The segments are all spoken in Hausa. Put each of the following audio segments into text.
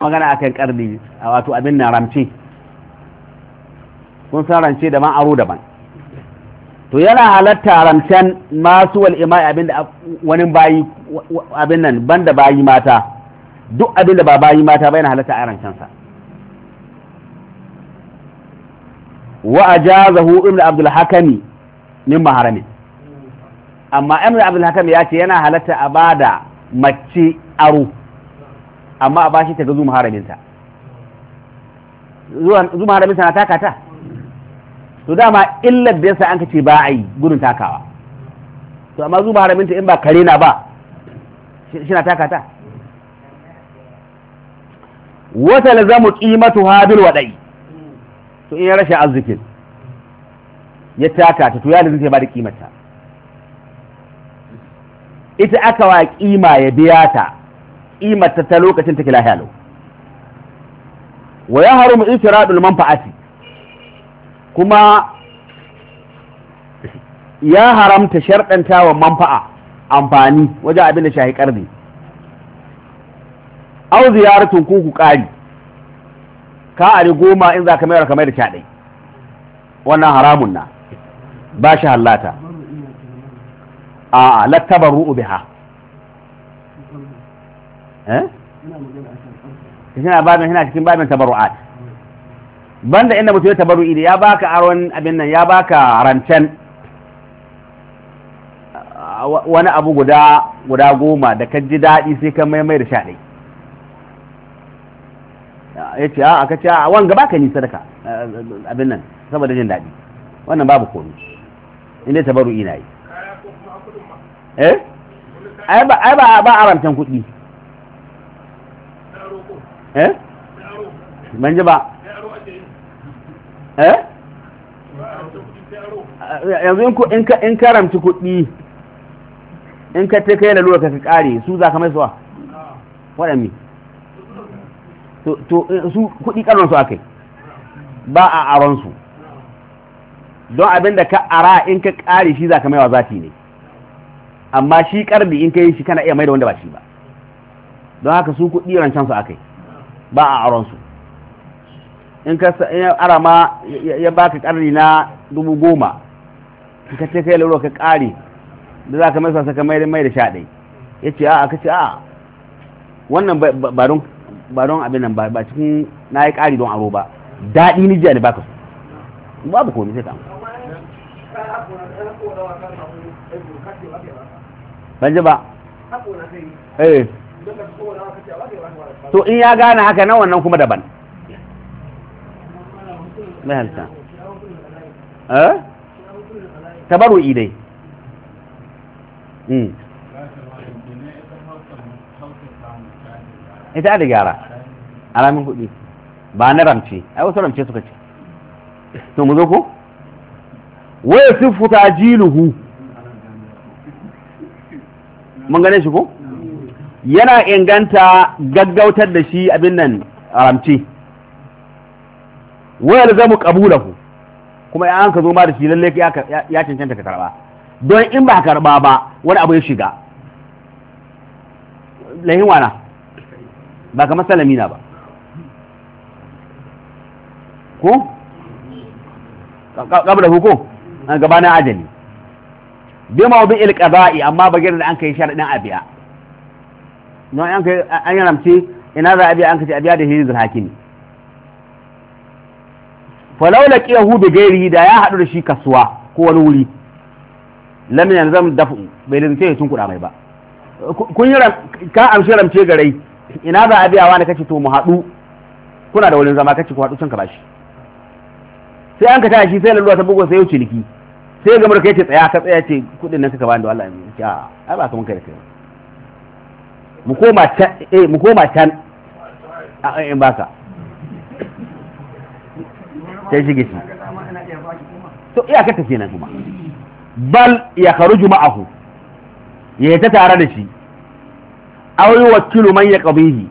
magana akan karni a wato abin na ramce kun san rance daban aro daban to yana halatta ramcen masu wal imai abin da wani bayi abin nan banda bayi mata duk abin da ba bayi mata ba yana halatta a rancen sa wa ajazahu ibnu abdul hakami min maharami amma ibnu abdul hakami ya ce yana halatta a bada mace aro amma a bashi ta ga zuma haraminta zuma haraminta na taka ta to dama illar da yasa an ka ce ba a yi gudun takawa to amma zuma haraminta in ba kare na ba shi na taka ta wata lazamu qimatu habil wadai to in ya rashe arzikin ya taka ta to ya zuke ba da kimata ita aka wa kima ya biya ta kimata ta lokacin take lahiya lau wa ya harumu ifradul manfa'ati kuma ya haramta sharɗanta wa manfa'a amfani wajen abin da shahi ƙarni au ziyaratun kuku ƙari ka ari goma in za ka mayar kamar da shaɗai wannan haramun na ba shi hallata a lattabar ru'u biha eh ina babin ina cikin babin tabaru'at banda inda mutum ya tabaru da ya baka aron abin nan ya baka rancen uh, wani abu guda guda goma da ka ji daɗi sai ka maimai da sha ɗai ya ce a ka ce a wanga baka ni uh, sadaka abin nan saboda jin daɗi wannan babu komi inda tabarui na yi eh ai ba a rancen kuɗi eh ban ji ba eh yanzu in ka in karamci kuɗi in ka ta kai lalura ka kare su za ka mai suwa waɗanne to su kuɗi ƙarnon a kai, ba a aronsu. don abin da ka ara in ka ƙare shi za ka maiwa zafi ne amma shi ƙarbi in ka yi shi kana iya mai da wanda ba shi ba don haka su kuɗi rancen su kai. ba a aron su in ka arama ya baka karni na dubu goma ka ce kai lura ka kare da za ka mai sasa ka mai mai da shaɗe ya ce a'a ka ce a'a wannan ba don abin nan ba cikin na yi kari don aro ba daɗi ni jiya da baka su babu komi sai ka ban ji ba to in ya gane haka nan wannan kuma daban mai halitta eh tabaru'i dai hmm. ita da gyara alamin kuɗi ba na ramce ai wasu ramce suka ce to mu zo ko sun futa jiluhu mun gane shi ko yana inganta gaggautar da shi abin nan haramci wayar zamu ku kuma an ka zo ma da shi lalle ya cancanta ka karba don in ba karba ba wani abu ya shiga lahin wana ba kamar salami na ba ko kabla hukum gabanin ajali bi mawdu'il qada'i amma bagirin da an kai sharadin abiya don an kai an ina za a biya an kace a biya da hirzul hakimi falaula qiyahu bi gairihi da ya hadu da shi kasuwa ko wani wuri lam yanzam dafu bai da sai tun kuɗa mai ba kun yi ka amshi ramce garai ina za a biya wani kace to mu hadu kuna da wurin zama kace ku hadu can ka bashi sai an ka tashi sai lalluwa ta bugo sai ya yau ciniki sai ga murka yace tsaya ka tsaya ce kudin nan kaka bani da Allah ya a ai ba ka mun kai da kai Eh, mu koma can a mu koma a in baka sai shige shi to iyaka ta kenan kuma bal ya kharuju ku? ya ta tare da shi wani wakilu man yaqbihi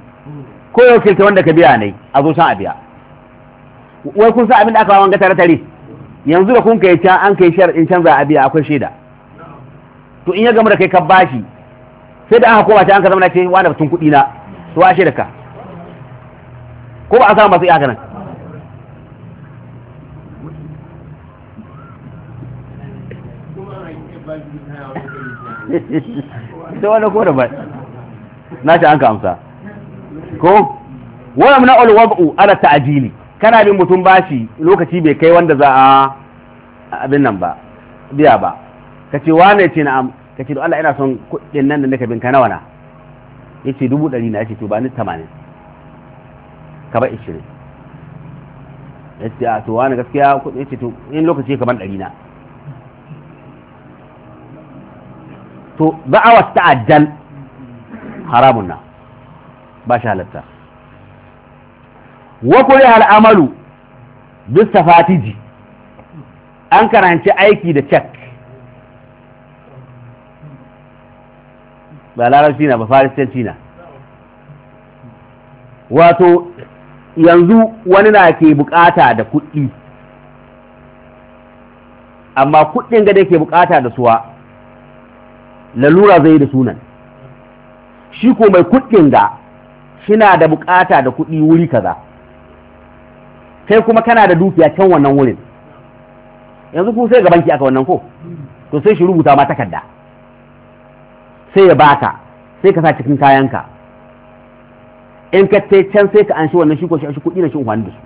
ko ya wakilta wanda ka biya ne a zo san a biya wai kun san abin da aka wanga tare tare yanzu da kun kai can an kai in canza a biya akwai shaida to in ya gama da kai ka bashi sai da aka koma ta an ka zama na ce wani batun kuɗi na to ashe da ka ko ba a samu masu iyaka nan sai wani ko da ba na ce an ka amsa ko wani muna alwabu ala ta'ajili kana bin mutum bashi lokaci bai kai wanda za a abin nan ba biya ba ka ce wane ce na'am kace to Allah ina son kuɗin nan da nake bin ka nawa na yace dubu ɗari na yace to ba ni tamanin ka ba ishirin yace a to wani gaskiya kuɗin yace to in lokaci ka ban ɗari na to wasu ta'ajjal haramun na ba shi halatta wa kuri al'amalu duk Fatiji, an karanci aiki da cek ba larabci na ba faristanci na wato yanzu wani na ke bukata da kuɗi amma kuɗin ga da ke bukata da suwa lalura zai da sunan shi ko mai kuɗin ga shi na da bukata da kuɗi wuri kaza kai kuma kana da dukiya can wannan wurin yanzu ku sai gabanki aka wannan ko to sai shi rubuta ma takarda sai ya baka sai ka sa cikin kayanka in ka ce can sai ka an shi wannan shi ko shi kuɗi na shi da su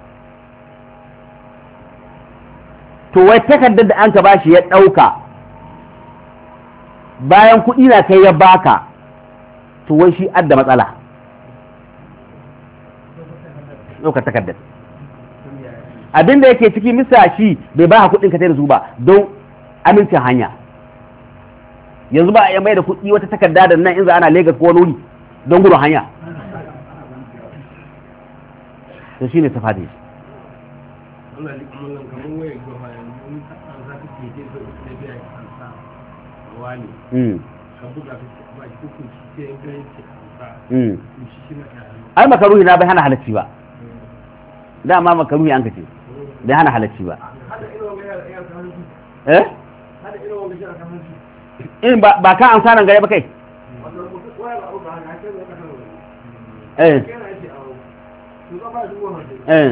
to wai takardar da an ka bashi ya ɗauka bayan kuɗi na kai ya baka to wai shi adda matsala ɗaukar takardar abinda yake ciki misa shi bai ba kuɗin ka sai da su ba don amincin hanya yanzu ba a iya mai da kuɗi wata takarda da nan in za ana Legas ko wani don gudun hanya to shi ne safa da hmm. shi hmm. ai makaruhi na bai hana halacci ba dama makaruhi an ka ce bai hana halacci ba eh in ba ka sanar gare ba kai eh. Eh.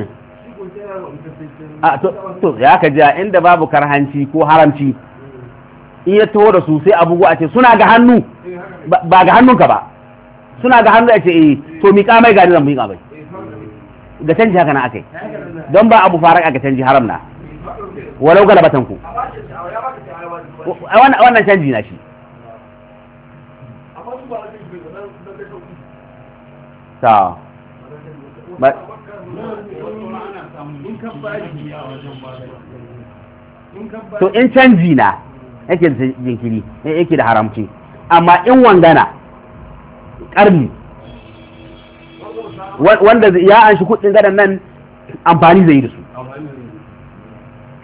Ah, to ya ka a inda babu karhanci ko haramci in ya taho da su sai abubu a ce suna ga hannu ba ga hannunka ba suna ga hannu a ce eh to miƙa mai gani zan mika mai ga canji haka na akai don ba abu farak aka canji haram na walau galabatan ku wannan canji na shi ta to in canji na yake da jinkiri yake da haramci amma in wangana karni wanda ya an shi kudin gadan nan amfani zai yi da su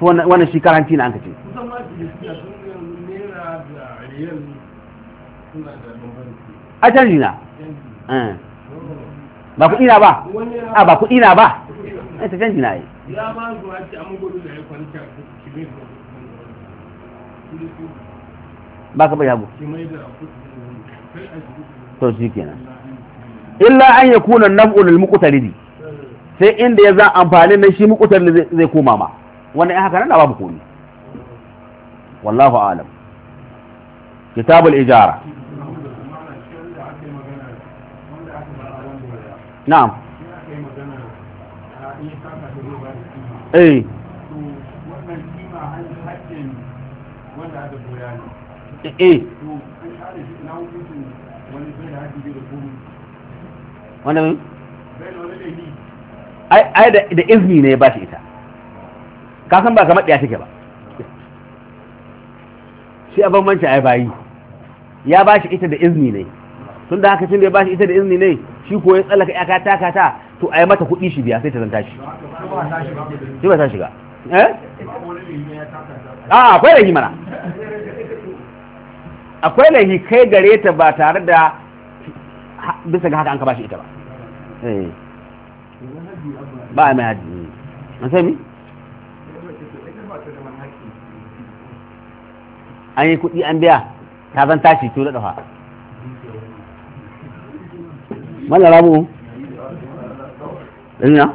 wannan shi karanti na an ka ce a canji na eh. ba ku ina ba a ba ku ina ba a eh, ta canji na yi ba ka bai hagu to shi kenan illa an ya kuna naf'un al-muqtaridi sai inda ya za amfani na shi muqtaridi zai koma ma wannan haka nan da babu komi wallahu a'lam kitabul ijara na'am eh eh wanda ai da izini ne ba shi ita kasan ba kamar ɗaya take ba shi a bambanci ai bayi ya ba shi ita da izini ne tun da haka tun da ya ba shi ita da izini ne shi ko ya tsallaka ta-ka kata to a yi mata kuɗi shi biya sai ta zanta shi shi ba ta shiga eh ah akwai lahi mana akwai lahi kai gare ta ba tare da bisa ga haka an ka ba shi ita ba eh. ba a mai haji an sai mi an yi kuɗi an biya ta zan tashi tura da dafa mana rabu ina